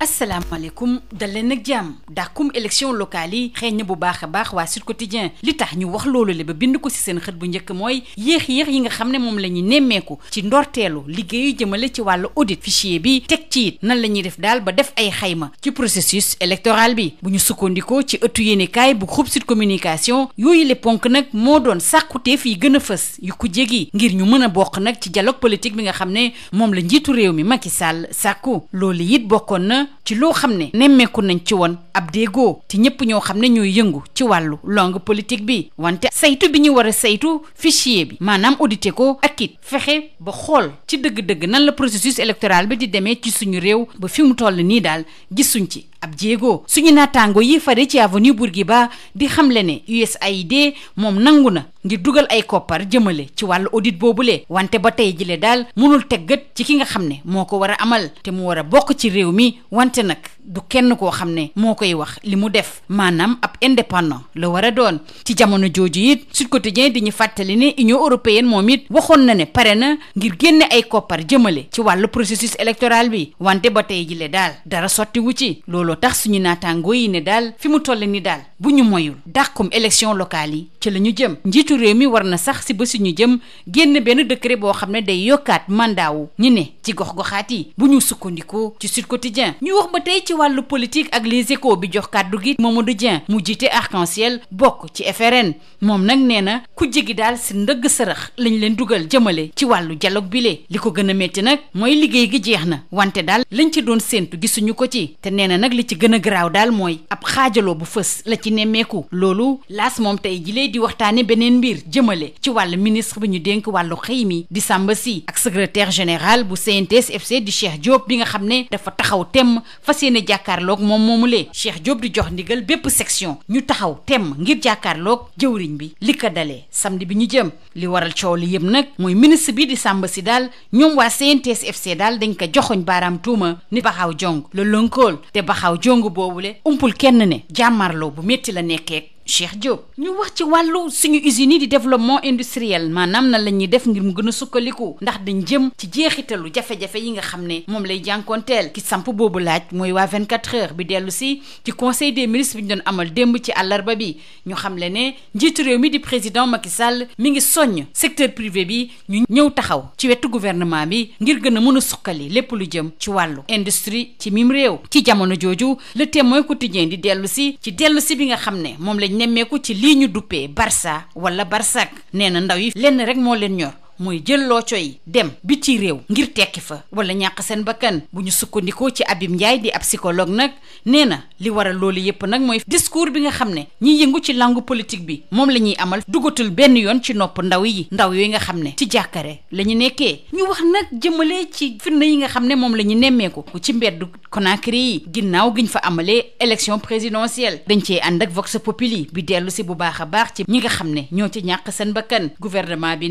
asalaamaaleykum dal leen nag jàmm dàkkum élection locale yi xeeñ bu baax a baax waa Sud Quotidien li tax ñu wax loolu le ba bind ko ci seen xët bu njëkk mooy yéex-yéex yi nga xam ne moom la ñuy nemmeeku ci ndorteelu liggéeyu jëmale ci wàllu audit fichier bi teg ci it nan la ñuy def daal ba def ay xayma ci processus électoral bi bu ñu sukkandikoo ci ëttu yéenekaay bu groupe sut Communication yooyu le ponk nag moo doon sàkkuteef yi gën a fës yu ko jégi ngir ñu mën a bokk nag ci dialogue politique bi nga xam ne moom la njiitu réew mi Macky Sall sàkku loolu it bokkoon na ci loo xam ne nemmeeku nañ ci woon ab déggoo ci ñëpp ñoo xam ne ñooy yëngu ci wàllu langue politique bi wante saytu bi ñu war a saytu fichier bi maanaam audité ko ak it fexe ba xool ci dëgg-dëgg nan la processus électoral bi di demee ci suñu réew ba fi mu toll nii daal gisuñ ci ab jéego suñu naataango yi fare ci avenue Bourguiba di xamle ne USAID moom nangu na ngir dugal ay koppar jëmale ci wàllu audit boobule wante ba tey jilee daal mënul teggat ci ki nga xam ne moo ko war a amal te mu war a bokk ci réew mi wante nag du kenn koo xam ne moo koy wax li mu def maanaam ab indépendant la war a doon ci jamono jooju it Sud Quotidien di ñu fàttali ne Union européenne moom it waxoon na ne pare na ngir génne ay koppar jëmale ci wàllu processus électoral bi wante ba tey jile daal dara sottiwu ci looloo tax suñu naataangoo yi ne daal fi mu toll ni daal bu ñu moyul dàqum élection locale yi ci la ñu jëm njiitu réew mi war na sax si ba bés ñu jëm génn benn décret boo xam ne day yokkaat mandat wu ñi ne ci gox-goxaat yi bu ñu sukkandikoo ci Sud Quotidien ñu wax ba tey ci wàllu politique ak les échos bi jox kàddu gi Mamadou Dieng mu jiite arc en bokk ci FRN moom nag nee na ku jigi daal si ndëgg sërëx lañ leen dugal jëmale ci wàllu dialogue bile li ko gën a métti nag mooy liggéey gi jeex na wante daal lañ ci doon séentu gisuñu ko ci te nee na nag li ci gën a garaaw daal mooy ab xaajaloo bu fës la ci nemmeeku di waxtaane beneen mbir jëmale ci wàllu ministre bi ñu dénk wàllu xëy mi di sàmba si ak secretaire général bu CNTS FC di Cheikh Diop bi nga xam ne dafa taxaw temm fa yéene jàkkaarloog moom moomulee Cheikh Diop di jox ndigal bépp section ñu taxaw temm ngir jàkkaarlook jëwriñ bi li ko dalee samedi bi ñu jëm li waral coow li yëpp nag mooy ministre bi di Samba si daal ñoom waa CNTS FC daal dañ ko joxoñ baaraam tuuma ni baxaw jong la lënkool te baxaw jong boobule umpul kenn ne jàmmarloo bu métti la nekkeek Cheikh Diop ñu wax ci wàllu suñu usines yi di développement industriel maanaam na la def ngir mu gën sukkaliku ndax dañ jëm ci jeexitalu jafe-jafe yi nga xam ne moom lay jànkoonteel ki samp boobu laaj mooy waa 24 heures bi dellu si ci conseil des ministres bi doon amal démb ci àllarba bi ñu xam le ne njiitu réew mi di président Macky Sall mi ngi soññ secteur privé bi ñu ñëw taxaw ci wetu gouvernement bi ngir gën a mën a suqali lépp lu jëm ci wàllu industrie ci mim réew ci nemmeeku ci lii ñu duppee Barça wala Barsak nee na ndaw yi lenn rek moo leen ñor mooy jël looco yi dem biti réew ngir tekki fa wala ñàq seen bakkan bu ñu sukkandikoo ci Abim Ndiaye di ab psychologue nag nee na li waral loolu yépp nag mooy discours bi nga xam ne ñiy yëngu ci langue politique bi moom la ñuy amal dugatul benn yoon ci nopp ndaw yi ndaw yooyu nga xam ne ci jàkkare la ñu nekkee ñu wax nag jëmmalee ci firnde yi nga xam ne moom la ñu nemmeeku ci mbedd Conakry yi ginnaaw giñ fa amalee élection présidentielle dañ cee ànd ak vox populi bi dellu si bu baax a baax ci ñi nga xam ne ñoo ci ñàq seen bakkan gouvernement bi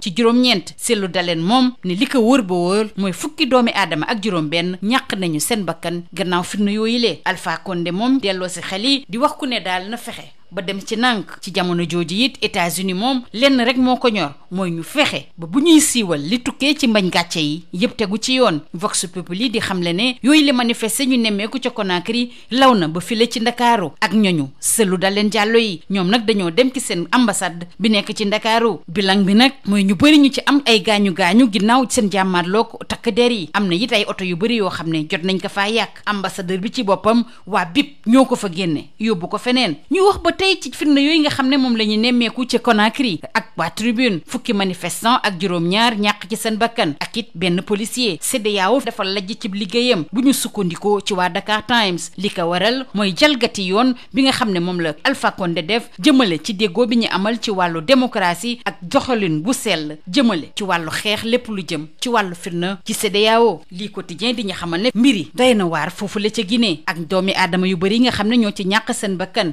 ci juróom-ñeent seetlu daleen moom ni li ko wër ba wóor mooy fukki doomi aadama ak juróom-benn ñàq nañu seen bakkan gannaaw fitna yooyu lee Alpha Condé moom delloo si xel yi di wax ku ne daal na fexe ba dem ci nànk ci jamono jooju it États-Unis moom lenn rek moo ko ñor mooy ñu fexe ba bu ñuy siiwal li tukkee ci mbañ gàcce yi yëpp tegu ci yoon Vox Populi di xamle ne yooyu la manifester ñu nemmeeku ca Conakry law na ba file ci Ndakaaru ak ñoñu sëlu Daleen Jàllo yi ñoom nag dañoo dem ci seen ambassade bi nekk ci Ndakaaru bilan bi nag mooy ñu bëri ñu ci am ay gaañu gaañu ginnaaw seen jàmmaarloog takk der yi am na it ay oto yu bëri yoo xam ne jot nañ ko faa yàq ambassadeur bi ci boppam waa BIP ñoo ko fa génne yóbbu ko feneen tey ci firnde yooyu nga xam ne moom la ñu nemmeeku ci Conakry ak waa tribune fukki manifestant ak juróom-ñaar ñàkk ci seen bakkan ak it benn policier CEDEAO dafa lajj ci liggéeyam bu ñu sukkandikoo ci waa Dakar Times li ko waral mooy jalgati yoon bi nga xam ne moom la Alpha Condé def jëmale ci déggoo bi ñu amal ci wàllu démocratie ak joxalin bu sell jëmale ci wàllu xeex lépp lu jëm ci wàllu firna ci CEDEAO lii quotidien di ñu xamal ne mbiri doy na waar foofu la ca ak doomi aadama yu bëri yi nga xam ne ñoo ci ñàkk seen bakkan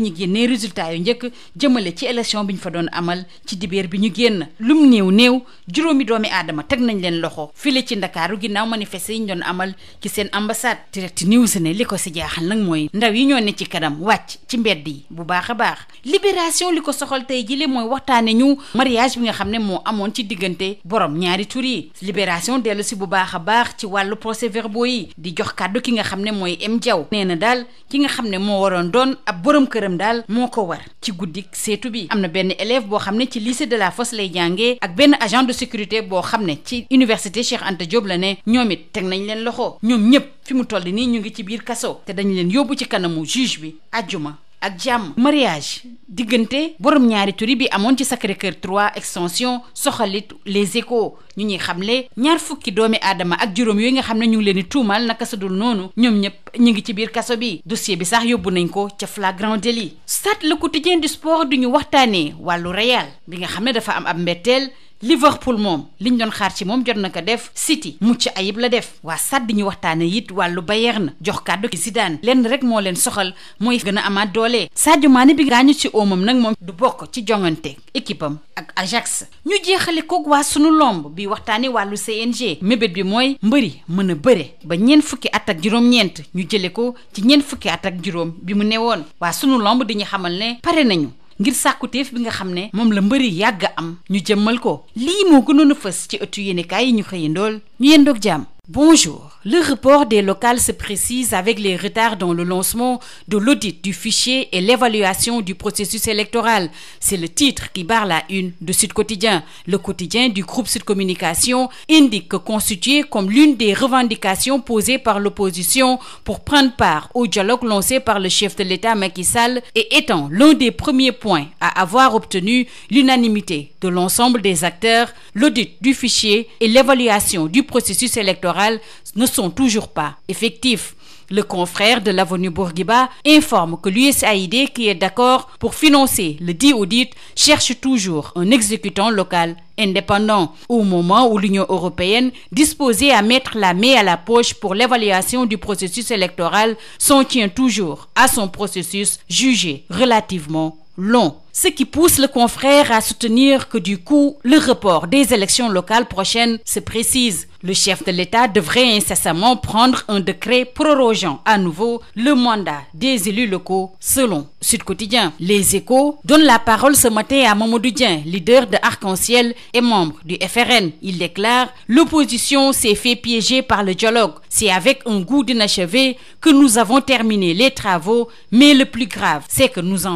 bi ñu génnee résultat yu njëkk jëmale ci élection bi ñu fa doon amal ci dibeer bi ñu génn lum néew néew juróomi doomi aadama teg nañ leen loxo file ci ndakaaru ginnaaw manifester yi ñu doon amal ki seen ambassade direct news ne li ko si jaaxal nag mooy ndaw yi ñoo ne ci kanam wàcc ci mbedd yi bu baax a baax libération li ko soxal tey jile mooy waxtaane ñu mariage bi nga xam ne moo amoon ci diggante borom ñaari tur yi libération dellu si bu baax a baax ci wàllu procès verbaux yi di jox kàddu ki nga xam ne mooy M Diaw nee na daal ki nga xam ne moo waroon doon ab borom këram njàngam daal moo ko war ci guddi seetu bi am na benn élève boo xam ne ci lycée de la Fosse lay jàngee ak benn agent de sécurité boo xam ne ci université Cheikh Anta Diop la ne ñoom it teg nañ leen loxo ñoom ñëpp fi mu toll nii ñu ngi ci biir kaso te dañ leen yóbbu ci kanamu juge bi àjjuma ak jàmm mariage diggante borom ñaari turi bi amoon ci Sacré Cœur 3 extension soxalit les échos ñu ñuy xam le ñaar fukki doomi aadama ak juróom yooyu nga xam ne ñu ngi leen di tuumal na sa dul noonu ñoom ñëpp ñu ngi ci biir kaso bi dossier bi sax yóbbu nañ ko ca flagrant délit stade le quotidien du sport du ñu waxtaanee wàllu Real bi nga xam ne dafa am am mbetteel Liverpool moom liñ doon xaar ci moom jot na ko def City mucc ayib la def waa sàdd ñu waxtaane it wàllu Bayern na jox kàddu ki Zidane lenn rek moo leen soxal mooy gën a amaat doole Sadio Mané bi gaañu ci oomam nag moom du bokk ci jongante équipe am ak Ajax ñu jeexale koog waa sunu lomb bi waxtaanee wàllu CNG mébét bi mooy mbëri mën a bëre ba ñeent fukki at ak juróom-ñeent ñu jële ko ci ñeent fukki at ak juróom bi mu woon waa sunu lomb di ñu xamal ne pare nañu ngir sàkkuteef bi nga xam ne moom la mbëri yàgg am ñu jëmmal ko lii moo gënoon a fës ci ëttu yéenekaay yi ñu xëyandool ñu yendoog jàmm Bonjour. Le report des locales se précise avec les retards dans le lancement de l'audit du fichier et l'évaluation du processus électoral. C'est le titre qui barre la une de Sud Quotidien. Le quotidien du groupe Sud Communication indique que constitué comme l'une des revendications posées par l'opposition pour prendre part au dialogue lancé par le chef de l'État Macky Sall et étant l'un des premiers points à avoir obtenu l'unanimité de l'ensemble des acteurs, l'audit du fichier et l'évaluation du processus électoral générale ne sont toujours pas effectifs. Le confrère de l'avenue Bourguiba informe que l'USAID, qui est d'accord pour financer le dit audit, cherche toujours un exécutant local indépendant au moment où l'Union européenne, disposée à mettre la main à la poche pour l'évaluation du processus électoral, s'en tient toujours à son processus jugé relativement long. ce qui pousse le confrère à soutenir que du coup, le report des élections locales prochaines se précise. Le chef de l'État devrait incessamment prendre un décret prorogeant à nouveau le mandat des élus locaux, selon Sud Quotidien. Les Échos donnent la parole ce matin à Mamadou Dieng, leader de Arc-en-Ciel et membre du FRN. Il déclare "L'opposition s'est fait piéger par le dialogue. C'est avec un goût d'inachevé que nous avons terminé les travaux, mais le plus grave, c'est que nous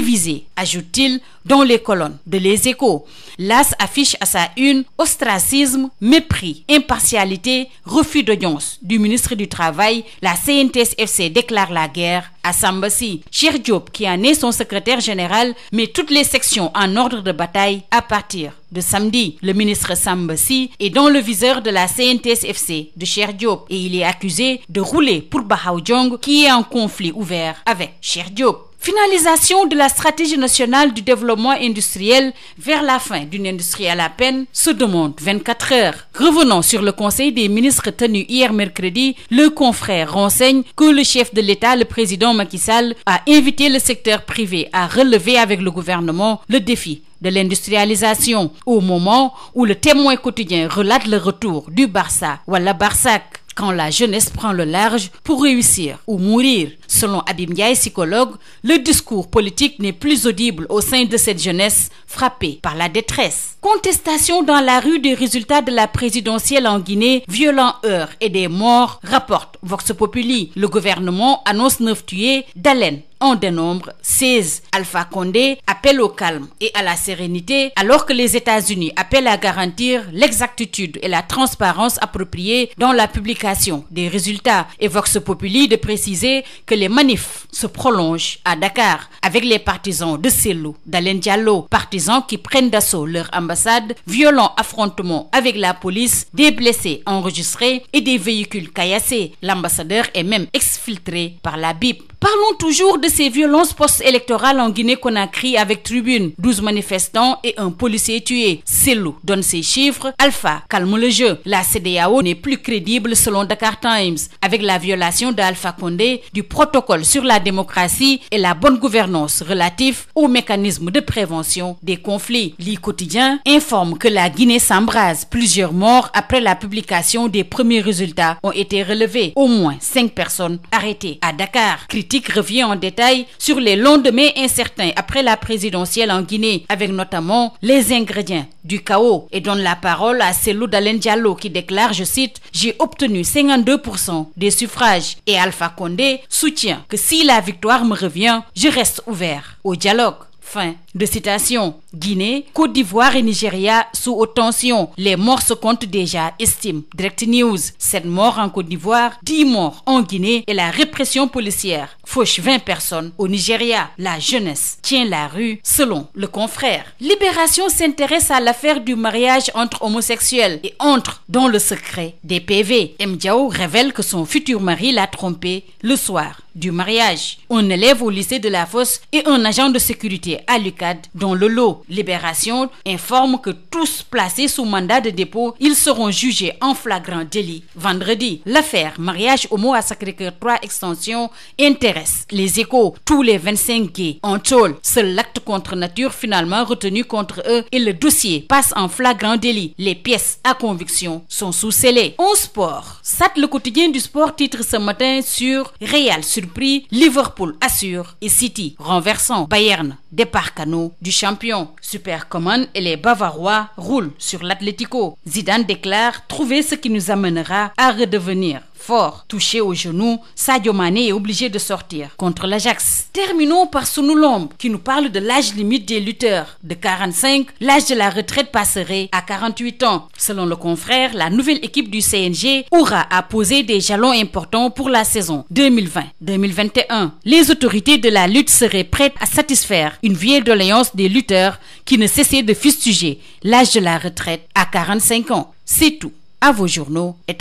révisé, ajoute-t-il dans les colonnes de Les Échos. L'AS affiche à sa une ostracisme, mépris, impartialité, refus d'audience du ministre du Travail. La CNTS-FC déclare la guerre à Samba Sy. Cheikh Diop, qui en est son secrétaire général, met toutes les sections en ordre de bataille à partir de samedi. Le ministre Samba Sy est dans le viseur de la CNTS-FC de Cheikh Diop et il est accusé de rouler pour Bahaw Jong qui est en conflit ouvert avec finalisation de la stratégie nationale du développement industriel vers la fin d'une industrie à la peine se demande 24 heures. Revenons sur le Conseil des ministres tenu hier mercredi, le confrère renseigne que le chef de l'État, le président Macky Sall, a invité le secteur privé à relever avec le gouvernement le défi de l'industrialisation au moment où le témoin quotidien relate le retour du Barça ou à la Barsac quand la jeunesse prend le large pour réussir ou mourir. Selon Abim Ndiaye, psychologue, le discours politique n'est plus audible au sein de cette jeunesse frappée par la détresse. Contestation dans la rue des résultat de la présidentielle en Guinée, violents heurts et des morts, rapporte Vox Populi. Le gouvernement annonce neuf tués, Dalein en dénombre 16. Alpha Condé appelle au calme et à la sérénité alors que les États-Unis appellent à garantir l'exactitude et la transparence appropriée dans la publication des résultats. Et Vox Populi les manifs se prolongent à Dakar avec les partisans de Cellou Dalein Diallo, partisans qui prennent d'assaut leur ambassade, violents affrontements avec la police, des blessés enregistrés et des véhicules caillassés. L'ambassadeur est même exfiltré par la BIP. Parlons toujours de ces violences post-électorales en Guinée-Conakry avec Tribune. 12 manifestants et un policier tué. Cellou donne ses chiffres. Alpha calme le jeu. La CEDEAO n'est plus crédible selon Dakar Times avec la violation d'Alpha Condé du protocole sur la démocratie et la bonne gouvernance relatif au mécanisme de prévention des conflits. Le quotidien informe que la Guinée s'embrase. Plusieurs morts après la publication des premiers résultats ont été Au moins cinq personnes arrêtées politique revient en détail sur les lendemains incertains après la présidentielle en Guinée, avec notamment les ingrédients du chaos et donne la parole à Cellou Dalein Diallo qui déclare, je cite, J'ai obtenu 52% des suffrages et Alpha Condé soutient que si la victoire me revient, je reste ouvert au dialogue. Fin de citation. Guinée, Côte d'Ivoire et Nigeria sous Les morts se comptent déjà, estime Direct News. Sept morts en Côte d'Ivoire, dix morts en Guinée et la répression policière fauche 20 personnes. Au Nigeria, la jeunesse tient la rue selon le confrère. Libération s'intéresse à l'affaire du mariage entre homosexuels et entre dans le secret des PV. M. Diao révèle que son futur mari l'a trompé le soir du mariage. Un élève au lycée de la Fosse et un agent de sécurité à l'UCAD dans le lot. Libération informe que tous placés sous mandat de dépôt, ils seront jugés en flagrant délit. Vendredi, l'affaire mariage homo à Sacré-Cœur 3 extension l'ARS. Les échos, tous les 25 gays en tôle. Seul l'acte contre nature finalement retenu contre eux et le dossier passe en flagrant délit. Les pièces à conviction sont sous scellé. En sport, SAT le quotidien du sport titre ce matin sur Real surpris, Liverpool assure et City renversant Bayern départ canot du champion. Super Coman et les Bavarois roulent sur l'Atlético. Zidane déclare trouver ce qui nous amènera à redevenir fort. Touché au genou, Sadio Mané est obligé de sortir contre l'Ajax. Terminons par Sunu Lamb qui nous parle de l'âge limite des lutteurs. De 45, l'âge de la retraite passerait à 48 ans. Selon le confrère, la nouvelle équipe du CNG aura à poser des jalons importants pour la saison 2020-2021. Les autorités de la lutte seraient prêtes à satisfaire une vieille doléance des lutteurs qui ne cessaient de fustiger l'âge de la retraite à 45 ans. C'est tout. À vos journaux et